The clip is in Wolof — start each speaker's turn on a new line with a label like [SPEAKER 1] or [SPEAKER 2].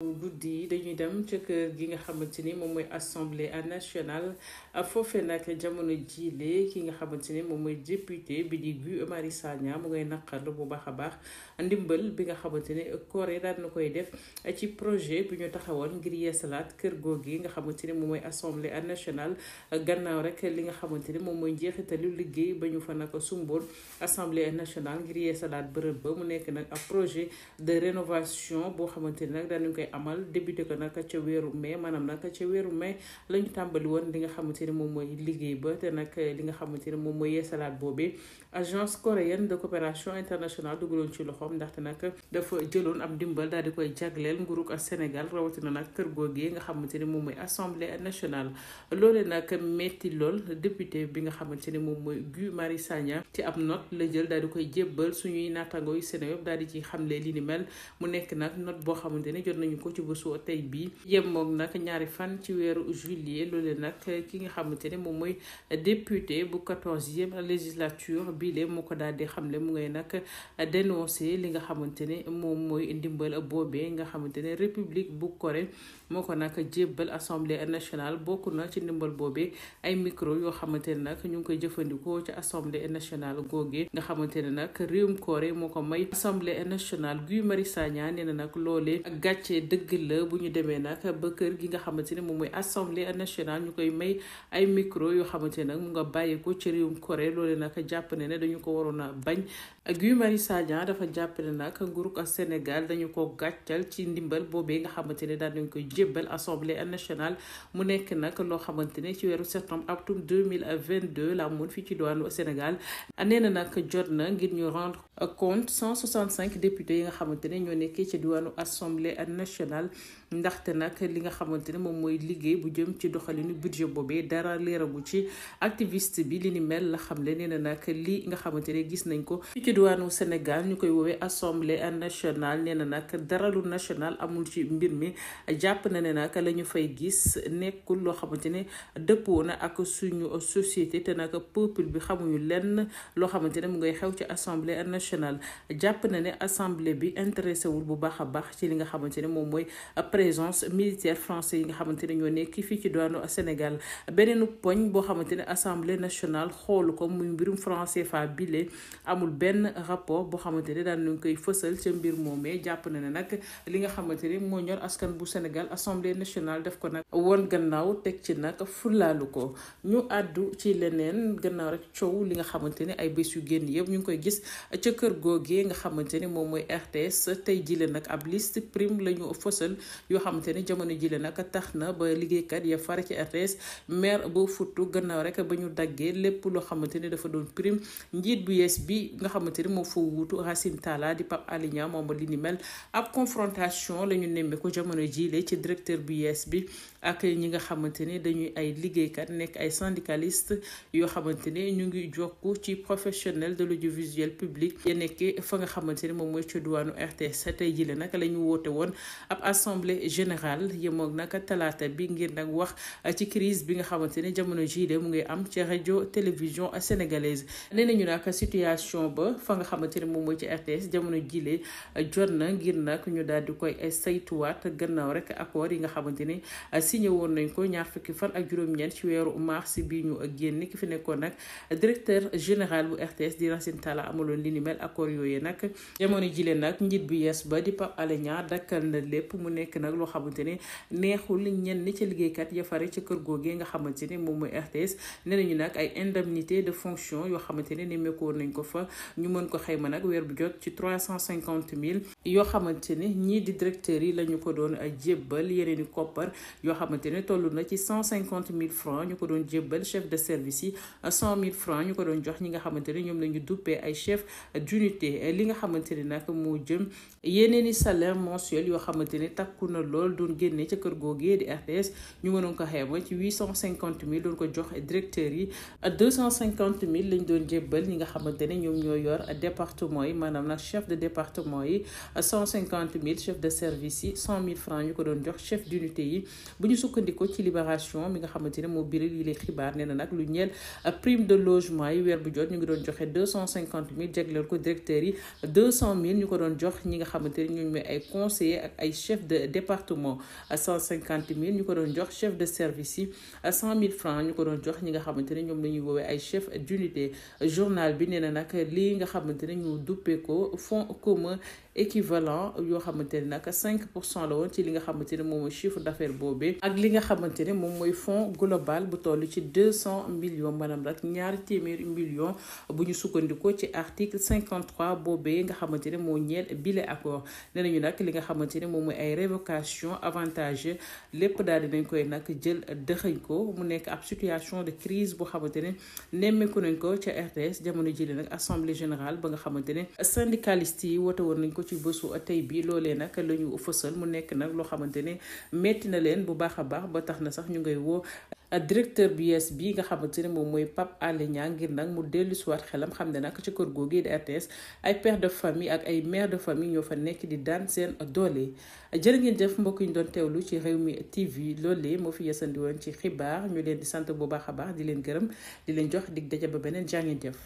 [SPEAKER 1] guddi yi dañuy dem ca kër gi nga xamante ni moom mooy assemblée nationale foofe nag jamono jiile ki nga xamante ni moom mooy député bi di Guy Marius Sagna mu ngay naqarlu bu baax a baax ndimbal bi nga xamante ni Corée daan na koy def ci projet bi ñu taxawoon ngir yeesalaat kër googu yi nga xamante ni moom mooy assemblée nationale gannaaw rek li nga xamante ni moom mooy njeexitalu liggéey ba ñu fa nag sumboon assemblée nationale ngir yeesalaat bërëb ba mu nekk nag ab projet de koy amal débuté ko nag ca weeru mai maanaam nag ca weeru mai la ñu tàmbali woon li nga xamante ne moom mooy liggéey ba te nag li nga xamante ne moom mooy yeesalaat boobee agence coréenne de coopération internationale dugaloon ci loxoom ndaxte nag dafa jëloon ab dimbal daal di koy jagleel nguurug Sénégal rawatina nag kër googee nga xamante ne moom mooy assemblée nationale loolee nag metti lool député bi nga xamante ne moom mooy Guy Marius Sagna ci ab note la jël daal di koy jébbal suñuy naataangoo yu Seneweb daal di ci xamle ko ci bësoo tey bii yemoog nag ñaari fan ci weeru juillet loole nag ki nga xamante ne moom mooy député bu quatorzième législature bii le moo ko daal di xamle mu ngay nag dénoncé li nga xamante ne moom mooy ndimbal boobee nga xamante ne république bu kore moo ko nag jébbal assemblée nationale bokk na ci ndimbal boobee ay micro yoo xamante ne nag ñu ngi koy jëfandikoo ci assemblée nationale googee nga xamante ne nag réewum Corée moo ko may assemblée dëgg la bu ñu demee nag ba kër gi nga xamante ne moom mooy assemblée nationale ñu koy may ay micro yoo xamante ne nag mu nga bàyyi ko ci réewum Corée loole nag jàpp ne ne dañu ko waroon a bañ Guy Marius Sagna dafa jàppale nag nguurug Sénégal dañu ko gàccal ci ndimbal boobee nga xamante ne daal dañ koy jébbal assemblée nationale mu nekk nag loo xamante ne ci weeru septembre atum deux mille vingt deux la amoon fii ci diwaanu Sénégal nee na nag jot na ngir ñu rendre compte cent soixante cinq députés yi nga xamante ne ñoo nekkee ci diwaanu assemblée nationale. ndaxte nag li nga xamante ne moom mooy liggéey bu jëm ci doxalinu budget boobee dara leeragu ci activiste bi li ni mel la xamle nee na nag li nga xamante ne gis nañ ko ci diwaanu Sénégal ñu koy woowee assemblée nationale nee na nag dara national amul ci mbir mi jàpp na ne nag la ñu fay gis nekkul loo xamante ne dëppoo na ak suñu société te nag peuple bi xamuñu lenn loo xamante ne mu ngay xew ci assemblée nationale jàpp na ne assemblée bi intéressé wul bu baax a baax ci li nga xamante ne moom mooy présence militaire français yi nga xamante ne ñoo nekk fii ci doonu Sénégal beneen poñ boo xamante ne assemblée nationale xoolu ko muy mbirum franc fa bile amul benn rapport boo xamante ne daan nañ koy fësal ca mbir moomee jàpp na ne nag li nga xamante ne moo ñor askan bu Sénégal assemblée nationale def ko nag woon gannaaw teg ci nag fulaalu ko ñu àddu ci leneen gannaaw rek li nga xamante ne ay bés yu génn yëpp ñu ngi koy gis ca kër googee nga xamante ne moom mooy sa tey jile nag ab liste prime la ñu fësal yoo xamante ni jamono jile nag tax na ba liggéeykat ya fare ci RTS maire boo futtu gannaaw rek ba ñu daggee lépp loo xamante ni dafa doon prime njiit bu yees bi nga xamante ni moo fa wuutu Racine Talla di Pape Alé Niang moom li ni mel ab confrontation la ñu nemmee ko jamono jile ci directeur bu yees bi ak ñi nga xamante ni dañuy ay liggéeykat nekk ay syndicaliste yoo xamante ni ñu ngi jokku ci professionnel de l'audiovisuel public ya nekkee fa nga xamante ni moom mooy ci duwaanu RTS tey jile nag la ñu woote woon ab assemblée assemblée générale yemoog nag talaata bi ngir nag wax ci crise bi nga xamante ne jamono jii de mu ngi am ci rajo télévision sénégalaise nee nañu nag situation ba fa nga xamante ne moom mooy ci RTS jamono jile jot na ngir nag ñu daal di koy saytuwaat gannaaw rek accord yi nga xamante ne signé woon nañ ko ñaar fukki fan ak juróom-ñeent ci weeru mars bi ñu génn ki fi nekkoon nag directeur général bu RTS di Racine Talla amaloon li ni mel accord yooyu nag jamono jile ba nag loo xamante ni neexul ñenn ci liggéeykat ya fare ci kër googee nga xamante ne moom mooy RTS nee nañu nag ay indemnité de fonction yoo xamante ne nemmeekoon nañ ko fa ñu mën ko xayma nag weer bu jot ci trois cent cinquante mille yoo xamante ne ñii di directeurs yi la ñu ko doon euh, jébbal yeneen koppar yoo xamante ne toll na ci cent cinquante mille francs ñu ko doon jébbal chef de service yi euh, cent mille francs ñu ko doon jox ñi nga xamante ne ñoom la ñu ay chef d'unité euh, li nga xamante ne nag moo jëm yeneen i salaire mensuel yoo xamante ne takku na lool doon génne ca kër googee di RTS ñu mënoon ko xeeba ci huit cent mille doon ko jox directeurs yi deux cent cinquante mille lañ doon jébbal ñi nga xamante ne ñoom ñoo yor département yi maanaam nag chef de département yi Euh, cent cinquante mille chef de service yi cent mille francs ñu ko doon jox chef d'unité nga xamante ne moo biril yi lay xibaar nee na nag lu ñeel euh, prime de logement yi ñu ngi doon joxe cent cinquante mille jagleel ko directeurs yi deux cent mille ñu ko doon jox nga xamante ne ñooñu mooy ay conseillers ak ay chef de département euh, cent cinquante mille ñu ko doon jox chef de service yi cent mille francs ñu ko doon jox ñi nga xamante ne ñoom la ñuy woowee ay chef d'unité journal bi nee na nag lii nga xamante ne ñu duppee ko fonds commun équivalent yoo xamante ne nag cinq pour cent la woon ci li nga xamante ne moom mooy li nga xamante ne moom mooy fonds global bu toll ci million cent millions maanaam rek ñaari téeméeri million bu ñu sukkandikoo ci article cinquante trois boobee nga xamante ne moo ñeel bile accord nee nañu nag li nga xamante ne moom mooy ay révocation avantage lépp daal dinañ koy nag jël dëxëñ ko mu nekk ab situation de crise boo xamante ne nemmeeku nañ ko ca RTS jamono jëlee nag assemblée générale ba nga xamante ne yi woote woon nañ ko ci bésu tey bi loolee nag la ñu fësal mu nekk nag loo xamante ne metti na leen bu baax a baax ba tax na sax ñu ngay woo directeur bi yees bi nga xamante ne moom mooy Pape Alé Niang ngir nag mu dellu siwaat xelam xam ne nag ci kër googu di RTS ay père de famille ak ay mère de famille ñoo fa nekk di daan seen doole jërë ngeen def mbokk ñu doon teewlu ci Rewmi TV loolee moo fi yeesandi woon ci xibaar ñu leen di sant bu baax a baax di leen gërëm di leen jox dig daje ba beneen jaa ngeen